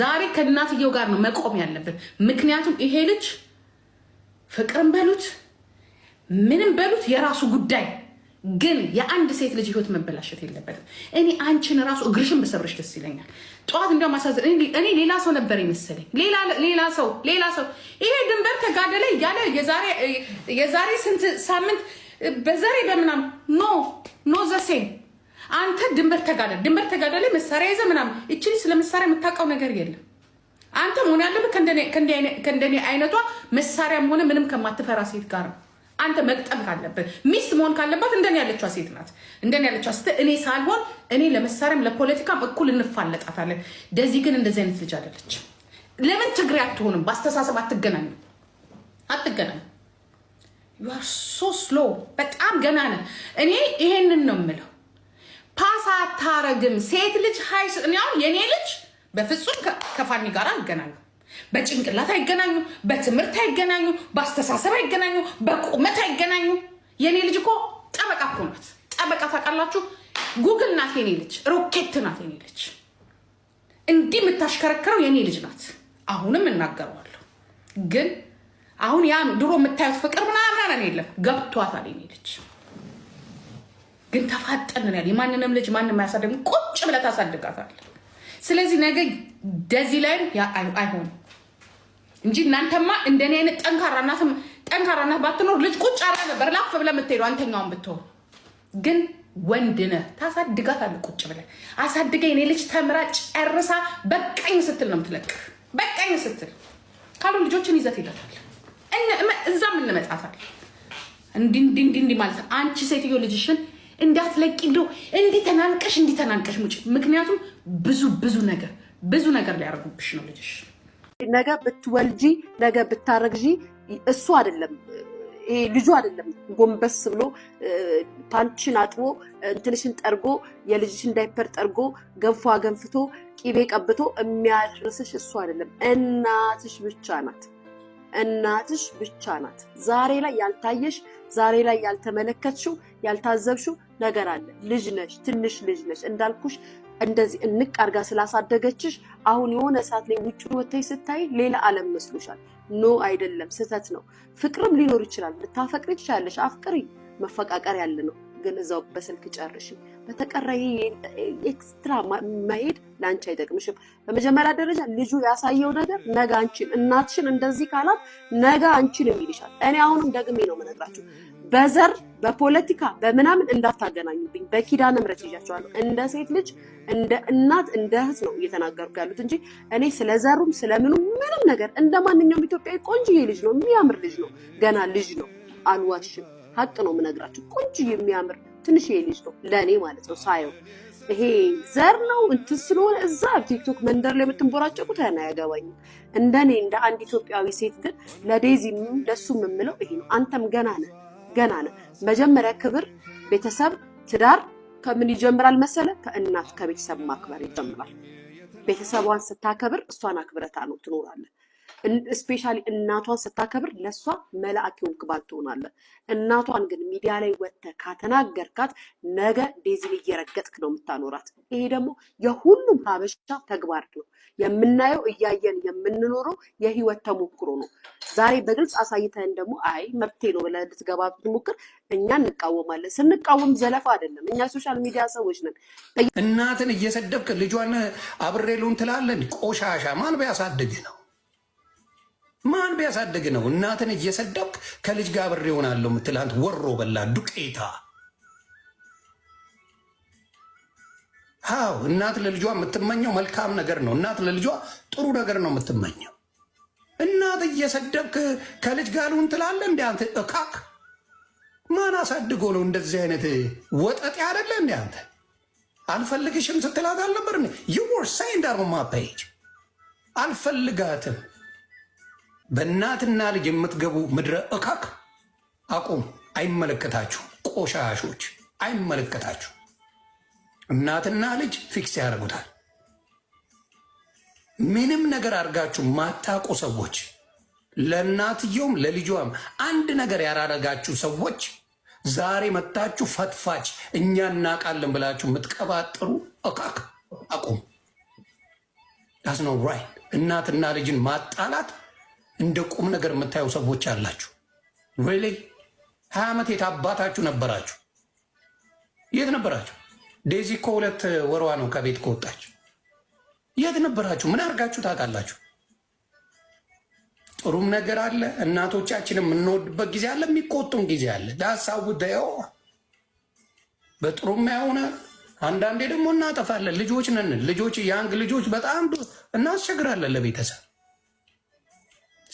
ዛሬ ከእናትየው ጋር ነው መቆም ያለብን። ምክንያቱም ይሄ ልጅ ፍቅርን በሉት ምንም በሉት የራሱ ጉዳይ፣ ግን የአንድ ሴት ልጅ ህይወት መበላሸት የለበትም። እኔ አንቺን ራሱ እግርሽን በሰብርሽ ደስ ይለኛል። ጠዋት እንዲያውም አሳዝን። እኔ ሌላ ሰው ነበር ይመስለኝ፣ ሌላ ሰው ሌላ ሰው ይሄ ድንበር ተጋደለ እያለ የዛሬ ስንት ሳምንት በዘሬ በምናም ኖ ኖ ዘሴን አንተ ድንበር ተጋዳል ድንበር ተጋዳል ላይ መሳሪያ ይዘህ ምናምን እችል ስለ መሳሪያ የምታውቀው ነገር የለም። አንተ መሆን ያለብህ ከእንደኔ አይነቷ መሳሪያም ሆነ ምንም ከማትፈራ ሴት ጋር ነው። አንተ መቅጠም ካለበት ሚስት መሆን ካለባት እንደኔ ያለችዋ ሴት ናት። እንደኔ ያለችዋ ስት እኔ ሳልሆን እኔ ለመሳሪያም ለፖለቲካም እኩል እንፋለጣታለን። ደዚህ ግን እንደዚህ አይነት ልጅ አይደለች። ለምን ትግሬ አትሆንም? በአስተሳሰብ አትገናኙ አትገናኙ። ዩ አር ሶ ስሎ በጣም ገና ነህ። እኔ ይሄንን ነው የምለው ፓስ አታረግም ሴት ልጅ ሀይስ ስጥንያው የኔ ልጅ በፍጹም ከፋኒ ጋር አይገናኙ። በጭንቅላት አይገናኙ በትምህርት አይገናኙ በአስተሳሰብ አይገናኙ በቁመት አይገናኙ የኔ ልጅ እኮ ጠበቃ እኮ ናት። ጠበቃ ታውቃላችሁ? ጉግል ናት የኔ ልጅ፣ ሮኬት ናት የኔ ልጅ። እንዲህ የምታሽከረከረው የኔ ልጅ ናት። አሁንም እናገረዋለሁ። ግን አሁን ያ ድሮ የምታዩት ፍቅር ምናምን የለም፣ ገብቷታል የኔ ልጅ ግን ተፋጠንን የማንንም ልጅ ማንም አያሳደግ ቁጭ ብለህ ታሳድጋታል። ስለዚህ ነገ ደዚህ ላይም አይሆንም እንጂ እናንተማ እንደኔ አይነት ጠንካራ እናትም ጠንካራ እናት ባትኖር ልጅ ቁጭ አላ ነበር ላፍ ብለህ የምትሄዱ አንተኛውን ብትሆን ግን ወንድ ነህ ታሳድጋታለህ። ቁጭ ብለህ አሳድገኝ እኔ ልጅ ተምራ ጨርሳ በቀኝ ስትል ነው የምትለቅህ። በቀኝ ስትል ካሉ ልጆችን ይዘት ይለታል። እዛ ምን እንመጣታል? እንዲህ እንዲህ እንዲህ ማለት አንቺ ሴትዮ ልጅሽን እንዳትለቂ ዶ እንዲህ ተናንቀሽ እንዲህ ተናንቀሽ ሙጭ። ምክንያቱም ብዙ ብዙ ነገር ብዙ ነገር ሊያደርጉብሽ ነው ልጅሽ። ነገ ብትወልጂ ነገ ብታረግዢ እሱ አይደለም ይሄ ልጁ አይደለም ጎንበስ ብሎ ፓንችን አጥቦ እንትንሽን ጠርጎ የልጅሽን ዳይፐር ጠርጎ ገንፎ አገንፍቶ ቂቤ ቀብቶ የሚያደርስሽ እሱ አይደለም፣ እናትሽ ብቻ ናት። እናትሽ ብቻ ናት። ዛሬ ላይ ያልታየሽ፣ ዛሬ ላይ ያልተመለከትሽው፣ ያልታዘብሽው ነገር አለ። ልጅ ነሽ፣ ትንሽ ልጅ ነሽ። እንዳልኩሽ እንደዚህ እንቅ አድርጋ ስላሳደገችሽ አሁን የሆነ ሰዓት ላይ ውጭ ወተሽ ስታይ ሌላ ዓለም መስሎሻል። ኖ አይደለም፣ ስህተት ነው። ፍቅርም ሊኖር ይችላል። ልታፈቅሪ ትችላለሽ። አፍቅሪ፣ መፈቃቀር ያለ ነው። ግን እዛው በስልክ ጨርሽ። በተቀረ ኤክስትራ መሄድ ለአንቺ አይጠቅምሽም። በመጀመሪያ ደረጃ ልጁ ያሳየው ነገር ነገ አንቺን እናትሽን እንደዚህ ካላት ነገ አንቺን የሚልሻል። እኔ አሁንም ደግሜ ነው የምነግራችሁ በዘር በፖለቲካ በምናምን እንዳታገናኙብኝ። በኪዳነ ምሕረት ይዣቸዋለሁ። እንደ ሴት ልጅ እንደ እናት እንደ እህት ነው እየተናገርኩ ያሉት እንጂ እኔ ስለ ዘሩም ስለምኑ ምንም ነገር እንደ ማንኛውም ኢትዮጵያዊ ቆንጆዬ ልጅ ነው፣ የሚያምር ልጅ ነው፣ ገና ልጅ ነው። አልዋሽም። ሀቅ ነው የምነግራችሁ። ቆንጆ የሚያምር ትንሽ ልጅ ነው ለእኔ ማለት ነው ሳየው፣ ይሄ ዘር ነው እንትን ስለሆነ እዛ ቲክቶክ መንደር ላይ የምትንቦራጨቁት ና አያገባኝም። እንደኔ እንደ አንድ ኢትዮጵያዊ ሴት ግን ለዴዚም ለሱ የምምለው ይሄ ነው። አንተም ገና ገና ነ መጀመሪያ ክብር፣ ቤተሰብ፣ ትዳር ከምን ይጀምራል መሰለ? ከእናት ከቤተሰብ ማክበር ይጀምራል። ቤተሰቧን ስታከብር እሷን አክብረታ ነው ትኖራለን። ስፔሻ እናቷን ስታከብር ለእሷ መላእክ የሆንክ ባል ትሆናለህ። እናቷን ግን ሚዲያ ላይ ወጥተህ ካተናገርካት ነገ ዴዚን እየረገጥክ ነው የምታኖራት። ይሄ ደግሞ የሁሉም ሀበሻ ተግባር ነው። የምናየው እያየን የምንኖረው የህይወት ተሞክሮ ነው። ዛሬ በግልጽ አሳይተህን ደግሞ አይ መብቴ ነው ብለህ ልትገባ ብትሞክር እኛ እንቃወማለን። ስንቃወም ዘለፋ አይደለም። እኛ ሶሻል ሚዲያ ሰዎች ነን። እናትን እየሰደብክ ልጇን አብሬ ልሁን ቆሻሻ ማን ቢያሳድግ ነው ማን ቢያሳድግ ነው እናትን እየሰደብክ ከልጅ ጋር ብር ይሆናለሁ የምትል አንተ ወሮ በላ ዱቄታ። አዎ እናት ለልጇ የምትመኘው መልካም ነገር ነው። እናት ለልጇ ጥሩ ነገር ነው የምትመኘው። እናት እየሰደብክ ከልጅ ጋር ልሁን ትላለህ። እንደ አንተ እካክ ማን አሳድጎ ነው እንደዚህ አይነት ወጠጤ አይደለ? እንደ አንተ አልፈልግሽም ስትላት አልነበር? ዩ ወር ሴይንግ ኦን ፔጅ አልፈልጋትም በእናትና ልጅ የምትገቡ ምድረ እካክ አቁም። አይመለከታችሁ፣ ቆሻሾች አይመለከታችሁ። እናትና ልጅ ፊክስ ያደርጉታል። ምንም ነገር አድርጋችሁ ማታቁ ሰዎች ለእናትየውም ለልጇም አንድ ነገር ያላረጋችሁ ሰዎች ዛሬ መታችሁ ፈትፋች እኛ እናቃለን ብላችሁ የምትቀባጥሩ እካክ አቁም። ዳስ ነው ራይት። እናትና ልጅን ማጣላት እንደ ቁም ነገር የምታየው ሰዎች አላችሁ። ወይ ሀያ ዓመት የት አባታችሁ ነበራችሁ? የት ነበራችሁ? ዴዚ እኮ ሁለት ወርዋ ነው ከቤት ከወጣች። የት ነበራችሁ? ምን አድርጋችሁ ታውቃላችሁ? ጥሩም ነገር አለ። እናቶቻችን የምንወድበት ጊዜ አለ፣ የሚቆጡም ጊዜ አለ። ለሀሳቡ ደው በጥሩም ያሆነ አንዳንዴ ደግሞ እናጠፋለን። ልጆች ነን። ልጆች ያንግ ልጆች በጣም እናስቸግራለን ለቤተሰብ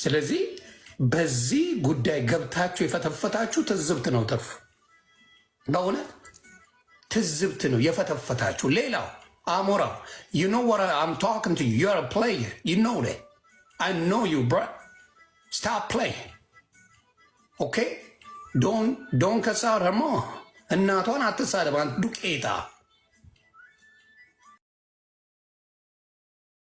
ስለዚህ በዚህ ጉዳይ ገብታችሁ የፈተፈታችሁ ትዝብት ነው ትርፉ። በእውነት ትዝብት ነው የፈተፈታችሁ። ሌላው አሞራ ዩ ኖ ወር አም ታልኪንግ ቱ ዩ አር ዩ ኖ ዴ ኖ ዩ ብሮ ስታፕ ፕሌይ ኦኬ ዶን ዶን ከሳር እናቷን አትሳደብ ዱቄታ